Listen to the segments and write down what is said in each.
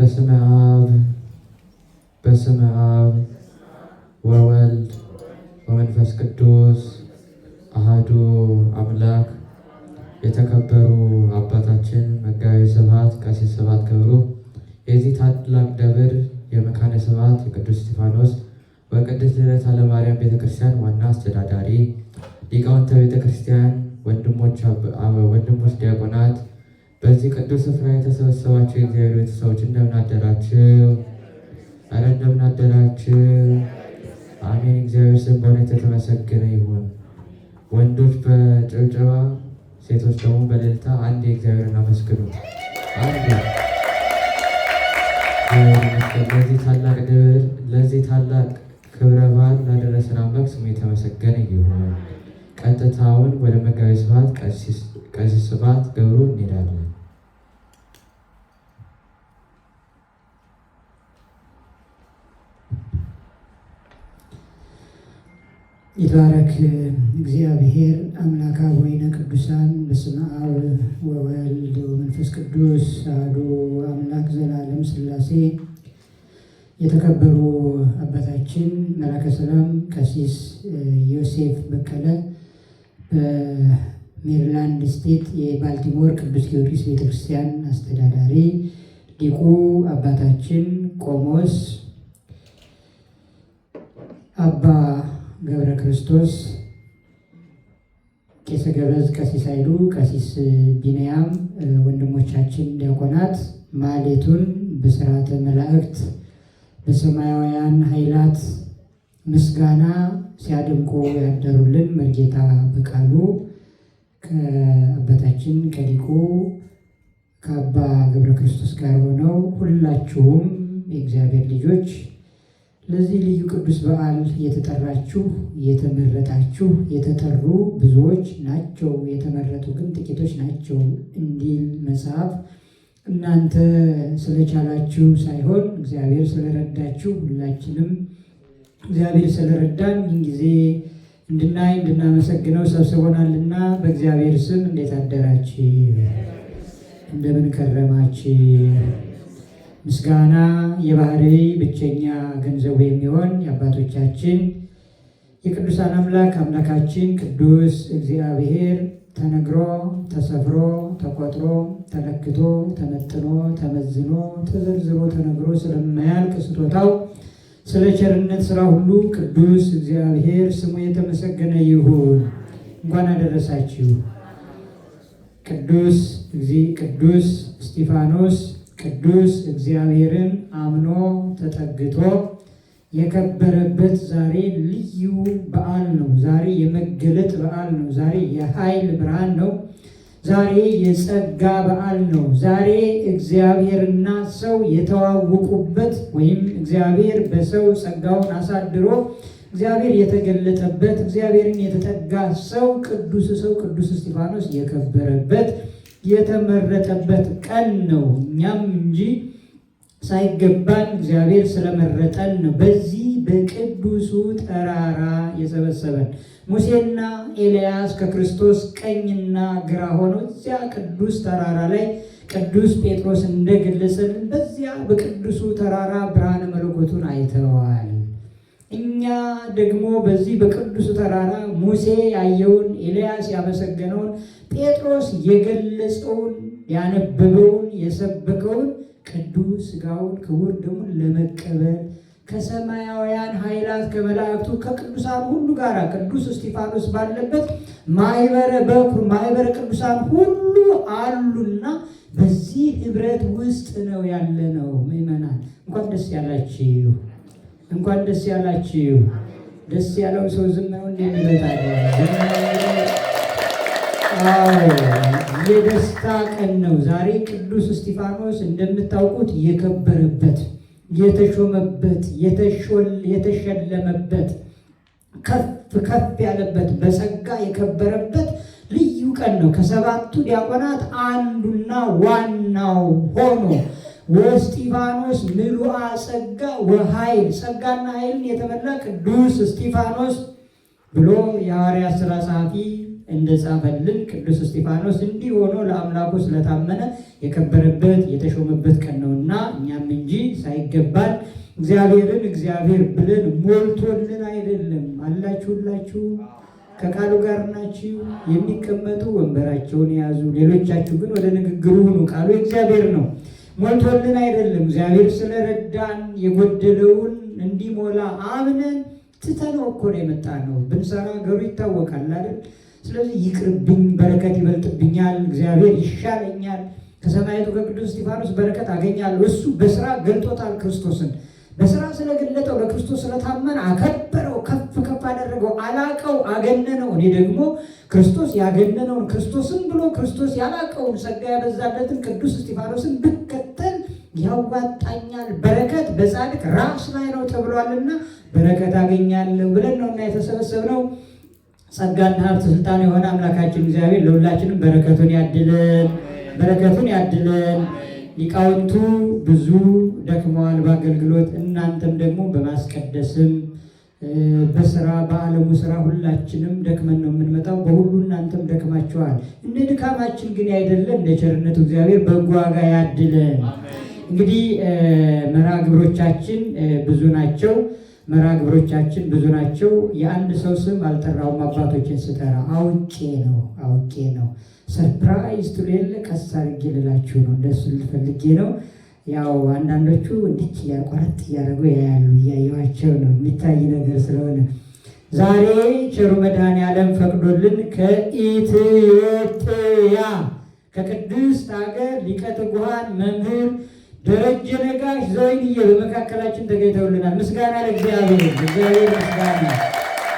በስመ አብ በስመ አብ ወወልድ ወመንፈስ ቅዱስ አህዱ አምላክ። የተከበሩ አባታችን መጋቤ ስብሐት ቀሲስ ስብሐት ገብሩ የዚህ ታላቅ ደብር የመካነ ስብሐት የቅዱስ እስጢፋኖስ በቅድስት ልደታ ለማርያም ቤተክርስቲያን ዋና አስተዳዳሪ ሊቃውንተ ቤተክርስቲያን ወንድሞች፣ ዲያቆናት በዚህ ቅዱስ ስፍራ የተሰበሰባቸው የእግዚአብሔር ቤተሰቦች እንደምን አደራችሁ? አረ እንደምን አደራችሁ? አሜን። እግዚአብሔር ስም በእውነት የተመሰገነ ይሁን። ወንዶች በጭብጨባ ሴቶች ደግሞ በሌልታ አንድ የእግዚአብሔርን አመስግኑት። ለዚህ ታላቅ ድብር ለዚህ ታላቅ ክብረ በዓል ላደረሰን አምላክ ስሙ የተመሰገነ ይሁን። ቀጥታውን ወደ መጋቢ ስብሐት ቀሲስ ስብሐት ገብሩ እንሄዳለን። ይትባረክ እግዚአብሔር አምላካ ወይነ ቅዱሳን በስመ አብ ወወልድ ወመንፈስ ቅዱስ አሐዱ አምላክ ዘላለም ሥላሴ። የተከበሩ አባታችን መላከ ሰላም ቀሲስ ዮሴፍ በቀለ በሜሪላንድ ስቴት የባልቲሞር ቅዱስ ጊዮርጊስ ቤተክርስቲያን አስተዳዳሪ፣ ሊቁ አባታችን ቆሞስ አባ ገብረ ክርስቶስ፣ ቄስ ገበዝ፣ ቀሲስ ኃይሉ፣ ቀሲስ ቢንያም፣ ወንድሞቻችን ዲያቆናት ማሌቱን በስርዓተ መላእክት በሰማያውያን ኃይላት ምስጋና ሲያደምቁ ያደሩልን መርጌታ በቃሉ ከአባታችን ከሊቁ ከአባ ገብረ ክርስቶስ ጋር ሆነው ሁላችሁም የእግዚአብሔር ልጆች ለዚህ ልዩ ቅዱስ በዓል የተጠራችሁ የተመረጣችሁ የተጠሩ ብዙዎች ናቸው፣ የተመረጡ ግን ጥቂቶች ናቸው እንዲል መጽሐፍ። እናንተ ስለቻላችሁ ሳይሆን እግዚአብሔር ስለረዳችሁ ሁላችንም እግዚአብሔር ስለረዳን ይህን ጊዜ እንድናይ እንድናመሰግነው ሰብስቦናልና በእግዚአብሔር ስም እንዴት አደራችሁ? እንደምን ከረማችሁ? ምስጋና የባህሪ ብቸኛ ገንዘቡ የሚሆን የአባቶቻችን የቅዱሳን አምላክ አምላካችን ቅዱስ እግዚአብሔር ተነግሮ ተሰፍሮ ተቆጥሮ ተለክቶ ተመጥኖ ተመዝኖ ተዘርዝሮ ተነግሮ ስለማያልቅ ስጦታው ስለ ቸርነት ስራ ሁሉ ቅዱስ እግዚአብሔር ስሙ የተመሰገነ ይሁን። እንኳን አደረሳችሁ። ቅዱስ እግዚእ ቅዱስ እስጢፋኖስ ቅዱስ እግዚአብሔርን አምኖ ተጠግቶ የከበረበት ዛሬ ልዩ በዓል ነው። ዛሬ የመገለጥ በዓል ነው። ዛሬ የኃይል ብርሃን ነው። ዛሬ የጸጋ በዓል ነው። ዛሬ እግዚአብሔርና ሰው የተዋወቁበት ወይም እግዚአብሔር በሰው ጸጋውን አሳድሮ እግዚአብሔር የተገለጠበት እግዚአብሔርን የተጠጋ ሰው ቅዱስ ሰው ቅዱስ እስጢፋኖስ የከበረበት የተመረጠበት ቀን ነው። እኛም እንጂ ሳይገባን እግዚአብሔር ስለመረጠን ነው። በዚህ በቅዱሱ ተራራ የሰበሰበን ሙሴና ኤልያስ ከክርስቶስ ቀኝና ግራ ሆነው እዚያ ቅዱስ ተራራ ላይ ቅዱስ ጴጥሮስ እንደገለጸልን በዚያ በቅዱሱ ተራራ ብርሃነ መለኮቱን አይተዋል። እኛ ደግሞ በዚህ በቅዱሱ ተራራ ሙሴ ያየውን ኤልያስ ያመሰገነውን ጴጥሮስ የገለጸውን ያነበበውን የሰበከውን ቅዱስ ሥጋውን ክቡር ደሙን ለመቀበል ከሰማያውያን ኃይላት ከመላእክቱ ከቅዱሳን ሁሉ ጋር ቅዱስ እስጢፋኖስ ባለበት ማኅበረ በኩር ማኅበረ ቅዱሳን ሁሉ አሉና በዚህ ህብረት ውስጥ ነው ያለ ነው። ምእመናን እንኳን ደስ ያላችሁ፣ እንኳን ደስ ያላችሁ። ደስ ያለው ሰው ዝም ነው እንደሚበታ የደስታ ቀን ነው ዛሬ። ቅዱስ እስጢፋኖስ እንደምታውቁት የከበረበት፣ የተሾመበት፣ የተሸለመበት፣ ከፍ ከፍ ያለበት፣ በጸጋ የከበረበት ልዩ ቀን ነው። ከሰባቱ ዲያቆናት አንዱና ዋናው ሆኖ ወእስጢፋኖስ ምሉአ ጸጋ ወኃይል ጸጋና ኃይልን የተመላ ቅዱስ እስጢፋኖስ ብሎ የሐዋርያት ሥራ ጸሐፊ እንደጻፈልን ቅዱስ እስጢፋኖስ እንዲህ ሆኖ ለአምላኩ ስለታመነ የከበረበት የተሾመበት ቀን ነውና እኛም እንጂ ሳይገባል እግዚአብሔርን እግዚአብሔር ብለን ሞልቶልን አይደለም። አላችሁላችሁ፣ ከቃሉ ጋር ናችሁ። የሚቀመጡ ወንበራቸውን የያዙ ሌሎቻችሁ ግን ወደ ንግግሩ ሁኑ። ቃሉ እግዚአብሔር ነው። ሞልቶልን አይደለም። እግዚአብሔር ስለረዳን የጎደለውን እንዲሞላ አምነን ትተነው እኮ ነው የመጣ ነው። ብንሰራ ገሩ ይታወቃል አይደል? ስለዚህ ይቅርብኝ፣ በረከት ይበልጥብኛል፣ እግዚአብሔር ይሻለኛል፣ ከሰማያቱ ከቅዱስ እስጢፋኖስ በረከት አገኛለሁ። እሱ በስራ ገልጦታል ክርስቶስን በስራ ስለገለጠው በክርስቶስ ስለታመነ አከበረው፣ ከፍ ከፍ አደረገው፣ አላቀው፣ አገነነው። እኔ ደግሞ ክርስቶስ ያገነነውን ክርስቶስን ብሎ ክርስቶስ ያላቀውን ጸጋ ያበዛለትን ቅዱስ እስጢፋኖስን ብከተል ያዋጣኛል። በረከት በጻድቅ ራስ ላይ ነው ተብሏልና በረከት አገኛለሁ ብለን ነውና የተሰበሰብነው። ጸጋና ሀብት ስልጣን የሆነ አምላካችን እግዚአብሔር ለሁላችንም በረከቱን ያድለን፣ በረከቱን ያድለን። ሊቃውንቱ ብዙ ደክመዋል በአገልግሎት እናንተም ደግሞ በማስቀደስም በስራ በዓለሙ ስራ ሁላችንም ደክመን ነው የምንመጣው። በሁሉ እናንተም ደክማችኋል። እንደ ድካማችን ግን አይደለም፣ እንደ ቸርነቱ እግዚአብሔር በጎ ዋጋ ያድለን። እንግዲህ መርሃ ግብሮቻችን ብዙ ናቸው። መርሃ ግብሮቻችን ብዙ ናቸው። የአንድ ሰው ስም አልጠራውም አባቶችን ስጠራ አውቄ ነው አውቄ ነው ሰርፕራይዝ ቱሌለ ቀስ አድርጌ ልላችሁ ነው እንደሱ ልፈልጌ ነው። ያው አንዳንዶቹ እንዲች እያቋረጥ እያደረጉ ያያሉ እያየኋቸው ነው የሚታይ ነገር ስለሆነ ዛሬ ቸሩ መድኃኔ ዓለም ፈቅዶልን ከኢትዮጵያ ከቅድስት ሀገር ሊቀ ትጉሃን መምህር ደረጀ ነጋሽ ዘይንዬ በመካከላችን ተገኝተውልናል። ምስጋና ለእግዚአብሔር፣ እግዚአብሔር ምስጋና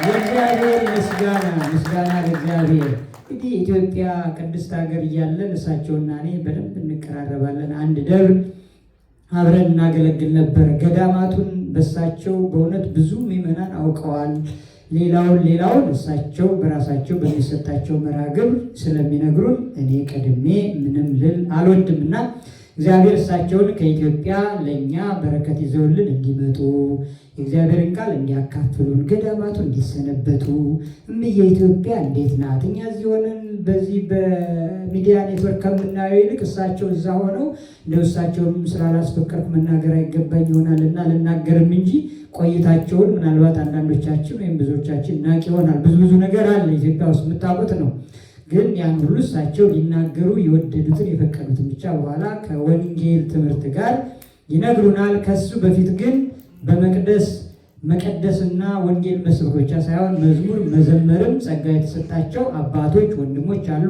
ለእግዚአብሔር ምስጋና ምስጋና ለእግዚአብሔር። እንግዲህ ኢትዮጵያ ቅድስት ሀገር እያለን እሳቸውና እኔ በደንብ እንቀራረባለን። አንድ ደብር አብረን እናገለግል ነበር። ገዳማቱን በእሳቸው በእውነት ብዙ ምዕመናን አውቀዋል። ሌላውን ሌላውን እሳቸው በራሳቸው በሚሰጣቸው መርሃ ግብር ስለሚነግሩን እኔ ቀድሜ ምንም ልል አልወድምና እግዚአብሔር እሳቸውን ከኢትዮጵያ ለእኛ በረከት ይዘውልን እንዲመጡ የእግዚአብሔርን ቃል እንዲያካፍሉን ገዳማቱ እንዲሰነበቱ እምዬ ኢትዮጵያ እንዴት ናት? እኛ እዚህ ሆነን በዚህ በሚዲያ ኔትወርክ ከምናየው ይልቅ እሳቸው እዛ ሆነው እንደው እሳቸውም ስላላስፈቀድኩ መናገር አይገባኝ ይሆናልና ልናገርም እንጂ ቆይታቸውን ምናልባት አንዳንዶቻችን ወይም ብዙዎቻችን ናቅ ይሆናል። ብዙ ብዙ ነገር አለ ኢትዮጵያ ውስጥ የምታውቁት ነው። ግን ያን ሁሉ እሳቸው ሊናገሩ የወደዱትን የፈቀዱትን ብቻ በኋላ ከወንጌል ትምህርት ጋር ይነግሩናል። ከሱ በፊት ግን በመቅደስ መቀደስና ወንጌል መስበክ ብቻ ሳይሆን መዝሙር መዘመርም ጸጋ የተሰጣቸው አባቶች ወንድሞች አሉ።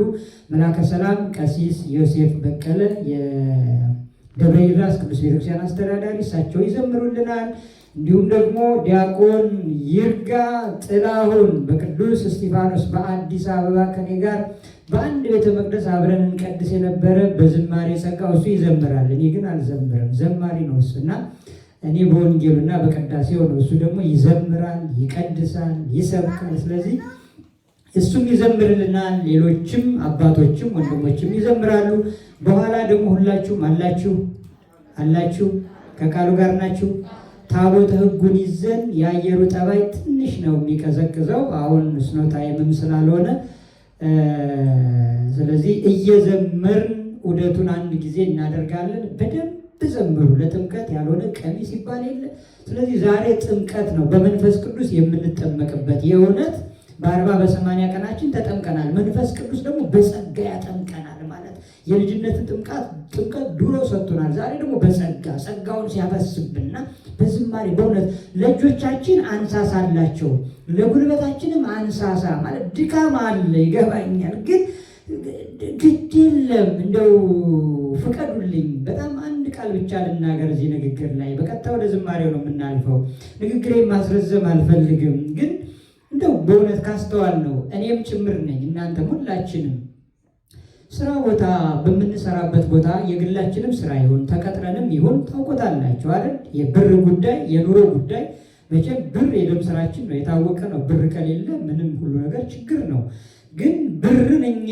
መላከ ሰላም ቀሲስ ዮሴፍ በቀለ የደብረ ቅዱስ ቤተክርስቲያን አስተዳዳሪ እሳቸው ይዘምሩልናል። እንዲሁም ደግሞ ዲያቆን ይርጋ ጥላሁን በቅዱስ እስጢፋኖስ በአዲስ አበባ ከኔ ጋር በአንድ ቤተ መቅደስ አብረን እንቀድስ የነበረ በዝማሬ ጸጋው እሱ ይዘምራል፣ እኔ ግን አልዘምርም። ዘማሪ ነው እሱ እና እኔ በወንጌሉና በቅዳሴው ነው። እሱ ደግሞ ይዘምራል፣ ይቀድሳል፣ ይሰብካል። ስለዚህ እሱም ይዘምርልናል። ሌሎችም አባቶችም ወንድሞችም ይዘምራሉ። በኋላ ደግሞ ሁላችሁም አላችሁ አላችሁ ከቃሉ ጋር ናችሁ። ታቦተ ሕጉን ይዘን የአየሩ ጠባይ ትንሽ ነው የሚቀዘቅዘው። አሁን ስኖታይምም ስላልሆነ ስለዚህ እየዘመርን ዑደቱን አንድ ጊዜ እናደርጋለን። በደንብ ዘምሩ። ለጥምቀት ያልሆነ ቀሚስ ይባል የለ። ስለዚህ ዛሬ ጥምቀት ነው፣ በመንፈስ ቅዱስ የምንጠመቅበት የእውነት በአርባ በሰማንያ ቀናችን ተጠምቀናል። መንፈስ ቅዱስ ደግሞ በጸጋ ያጠምቀናል። የልጅነትን ጥምቀት ጥምቀት ድሮ ሰጥቶናል። ዛሬ ደግሞ በጸጋ ጸጋውን ሲያፈስብና በዝማሬ በእውነት ለእጆቻችን አንሳሳላቸው፣ ለጉልበታችንም አንሳሳ ማለት ድካም አለ ይገባኛል። ግን ግድ የለም እንደው ፍቀዱልኝ። በጣም አንድ ቃል ብቻ ልናገር እዚህ ንግግር ላይ። በቀጥታ ወደ ዝማሬው ነው የምናልፈው። ንግግሬ ማስረዘም አልፈልግም፣ ግን እንደው በእውነት ካስተዋል ነው እኔም ጭምር ነኝ እናንተም ሁላችንም ስራ ቦታ በምንሰራበት ቦታ የግላችንም ስራ ይሁን ተቀጥረንም ይሁን ታውቆታላቸው አይደል? የብር ጉዳይ የኑሮ ጉዳይ መቼም ብር የደም ስራችን ነው፣ የታወቀ ነው። ብር ከሌለ ምንም ሁሉ ነገር ችግር ነው። ግን ብርን እኛ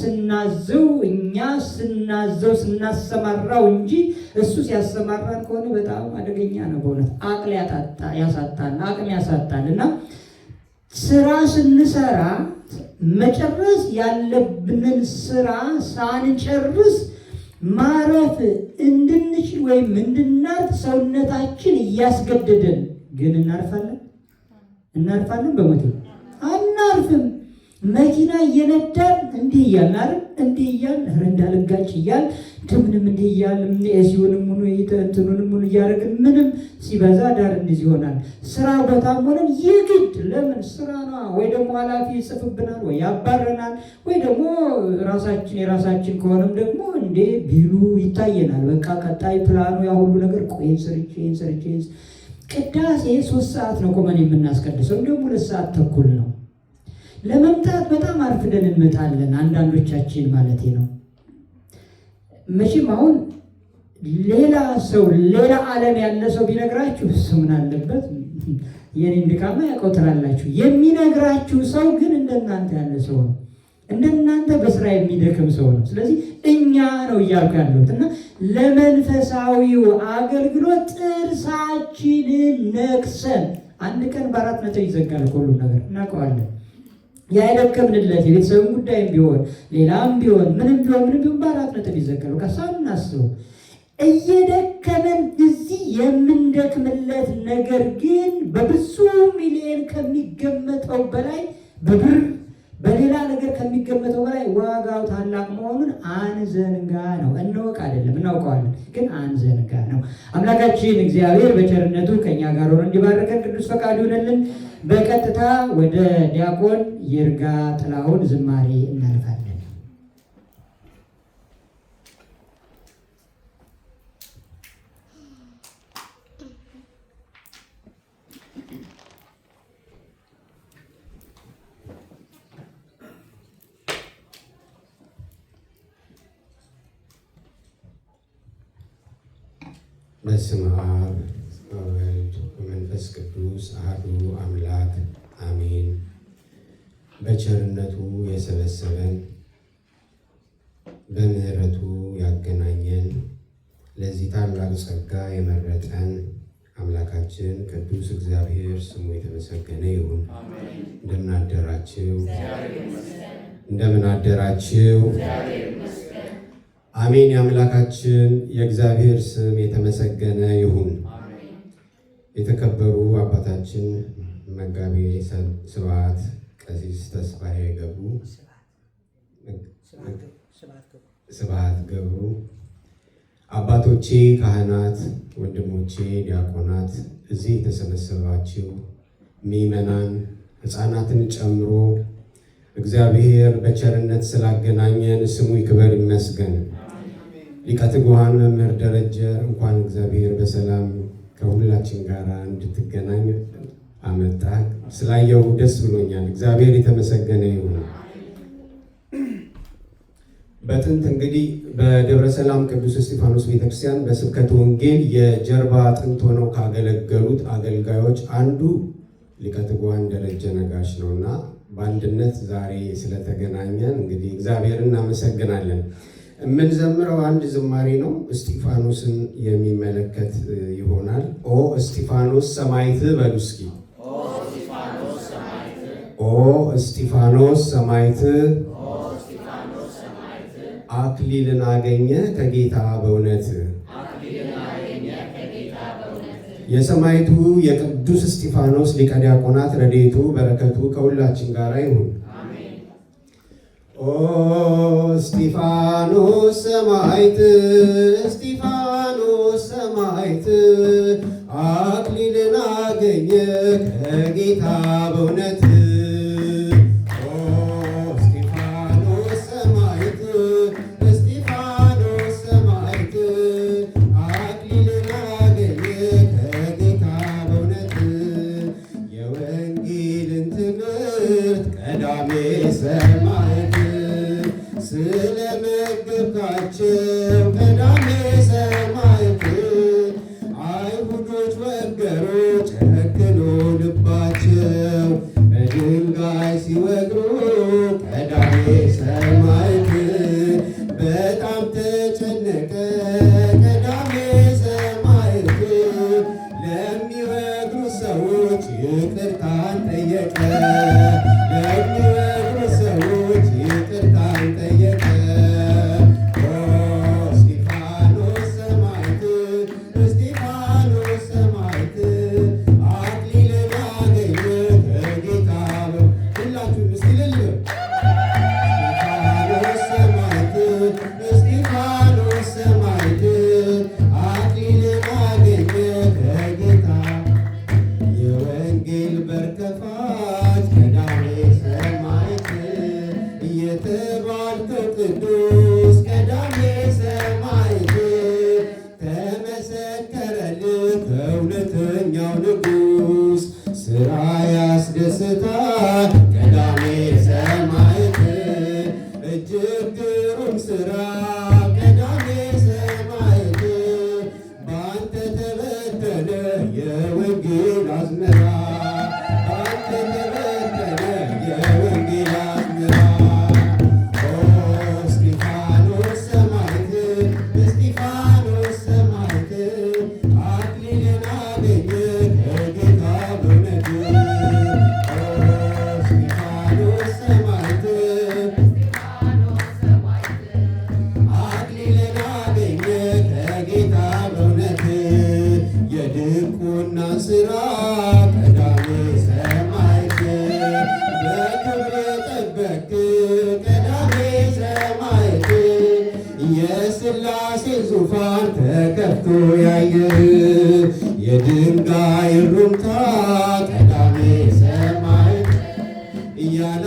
ስናዘው እኛ ስናዘው ስናሰማራው እንጂ እሱ ሲያሰማራን ከሆነ በጣም አደገኛ ነው። በእውነት አቅል ያሳጣን፣ አቅም ያሳጣን እና ስራ ስንሰራ መጨረስ ያለብንን ስራ ሳንጨርስ ማረፍ እንድንችል ወይም እንድናርፍ ሰውነታችን እያስገደደን ግን እናርፋለን። እናርፋለን በሞት አናርፍም። መኪና እየነዳን እንዲህ እያልን አይደል እንዲህ እያልን ኧረ እንዳልጋጭ እያልን እንትምንም እንዲህ እያልን ኤሲውንም ሆኖ እንትኑንም ሆኖ እያደረግን ምንም ሲበዛ ዳር እንደዚህ ይሆናል። ስራ ቦታም ሆነን የግድ ለምን ስራ ነዋ። ወይ ደግሞ ኃላፊ ይጽፍብናል፣ ወይ ያባረናል፣ ወይ ደግሞ ራሳችን የራሳችን ከሆነም ደግሞ እንዴ ቢሉ ይታየናል። በቃ ቀጣይ ፕላኑ ያ ሁሉ ነገር ቆይ ሰርቼ ሰርቼ ቅዳሴ ሶስት ሰዓት ነው ቆመን የምናስቀድሰው፣ እንዲሁም ሁለት ሰዓት ተኩል ነው ለመምጣት በጣም አርፍደን እንመጣለን፣ አንዳንዶቻችን ማለት ነው። መቼም አሁን ሌላ ሰው ሌላ ዓለም ያለ ሰው ቢነግራችሁ እሱ ምን አለበት የኔን ድካማ ያቆጥራላችሁ። የሚነግራችሁ ሰው ግን እንደናንተ ያለ ሰው ነው። እንደናንተ በስራ የሚደክም ሰው ነው። ስለዚህ እኛ ነው እያልኩ ያለሁት እና ለመንፈሳዊው አገልግሎት ጥርሳችንን ነክሰን አንድ ቀን በአራት መቶ ይዘጋል ሁሉ ነገር እናውቀዋለን። ያይለከምንለት የቤተሰብ ጉዳይም ቢሆን ሌላም ቢሆን ምንም ቢሆን ምንም ቢሆን በአራት ነጥብ ይዘከሩ ከሳን እናስበው እየደከመን እዚህ የምንደክምለት ነገር ግን በብዙ ሚሊዮን ከሚገመተው በላይ በብር በሌላ ነገር ከሚገመተው በላይ ዋጋው ታላቅ መሆኑን አንዘንጋ ነው። እንወቅ አይደለም እናውቀዋለን፣ ግን አንዘንጋ ነው። አምላካችን እግዚአብሔር በቸርነቱ ከእኛ ጋር ሆኖ እንዲባረከን ቅዱስ ፈቃዱ ይሆነልን። በቀጥታ ወደ ዲያቆን ይርጋ ጥላሁን ዝማሬ እናልፋለን። በስመ አብ ወወልድ ወመንፈስ ቅዱስ አሐዱ አምላክ አሜን። በቸርነቱ የሰበሰበን በምሕረቱ ያገናኘን ለዚህ ታላቅ ጸጋ የመረጠን አምላካችን ቅዱስ እግዚአብሔር ስሙ የተመሰገነ ይሁን። እንደምን አደራችሁ? እንደምን አደራችሁ? አሜን። የአምላካችን የእግዚአብሔር ስም የተመሰገነ ይሁን። የተከበሩ አባታችን መጋቢ ስብሐት ቀሲስ ተስፋዬ ገብሩ ስብሐት ገብሩ፣ አባቶቼ ካህናት፣ ወንድሞቼ ዲያቆናት፣ እዚህ የተሰበሰባችሁ ምዕመናን ሕፃናትን ጨምሮ እግዚአብሔር በቸርነት ስላገናኘን ስሙ ይክበር ይመስገን። ሊቀት ትጉሃን መምህር ደረጀ እንኳን እግዚአብሔር በሰላም ከሁላችን ጋር እንድትገናኝ አመጣ። ስላየው ደስ ብሎኛል። እግዚአብሔር የተመሰገነ ይሁን። በጥንት እንግዲህ በደብረ ሰላም ቅዱስ እስጢፋኖስ ቤተክርስቲያን በስብከት ወንጌል የጀርባ አጥንት ሆነው ካገለገሉት አገልጋዮች አንዱ ሊቀትጓን ደረጀ ነጋሽ ነው እና በአንድነት ዛሬ ስለተገናኘን እንግዲህ እግዚአብሔር እናመሰግናለን። የምንዘምረው አንድ ዝማሬ ነው። እስጢፋኖስን የሚመለከት ይሆናል። ኦ እስጢፋኖስ ሰማይት በሉ እስኪ። ኦ እስጢፋኖስ ሰማዕት አክሊልን አገኘ ከጌታ በእውነት። የሰማይቱ የቅዱስ እስጢፋኖስ ሊቀ ዲያቆናት ረድኤቱ በረከቱ ከሁላችን ጋር ይሁን። ኦ እስጢፋኖስ ሰማዕት እስጢፋኖስ ሰማዕት አክሊልን አገኘ ከጌታ በእውነት I cabeza, hermano. ያየር የድንጋይ ሩምታ ቀዳሜ ሰማይ እያላ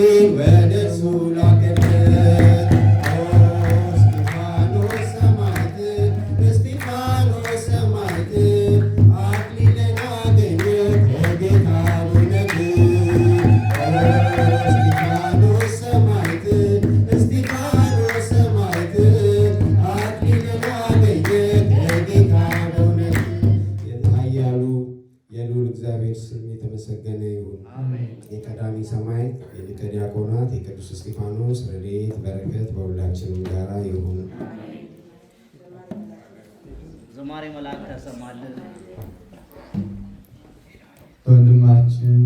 ወደ እርሱ ላ ዝማሬ መልአክ ታሰማለህ። ወንድማችን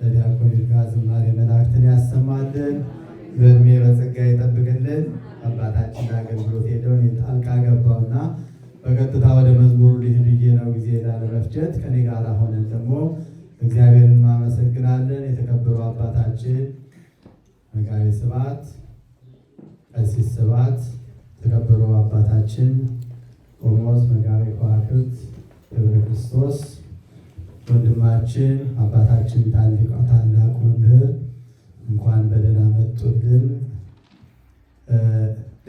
ለዲያቆን ይርጋ ዝማሬ መላእክትን ያሰማልን፣ በእድሜ በጸጋ ይጠብቅልን። አባታችን አገልግሎት ሄደውን ጣልቃ ገባውና በቀጥታ ወደ መዝሙሩ ልሂድ ብዬ ነው ጊዜ ላለመፍጀት ከኔ ጋር ሆነን ደግሞ እግዚአብሔር እናመሰግናለን። የተከበሩ አባታችን መጋቤ ስብሐት ቀሲስ ስብሐት የተከበሩ አባታችን ቆሞስ መጋቤ ከዋክብት ደብረ ክርስቶስ ወንድማችን አባታችን ታላቁ ታላቁ መምህር እንኳን በደህና መጡልን።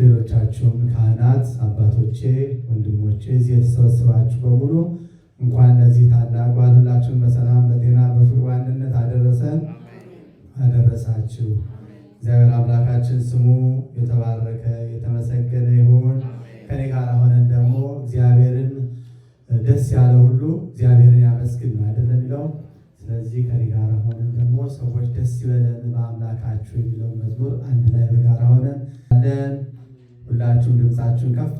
ሌሎቻችሁም ካህናት አባቶቼ፣ ወንድሞቼ እዚህ የተሰበሰባችሁ በሙሉ እንኳን ለዚህ ታላቅ በዓል በሰላም በጤና በፍቅር በአንድነት አደረሰን አደረሳችሁ። እግዚአብሔር አምላካችን ስሙ የተባረከ የተመሰገነ ይሁን። ከኔ ጋር ሆነን ደግሞ እግዚአብሔርን ደስ ያለ ሁሉ እግዚአብሔርን ያመስግን ነው አይደለም የሚለው። ስለዚህ ከኔ ጋር ሆነን ደግሞ ሰዎች ደስ ይበለን በአምላካችሁ የሚለው መዝሙር አንድ ላይ በጋራ ሆነን ሁላችሁም ድምፃችሁን ከፍ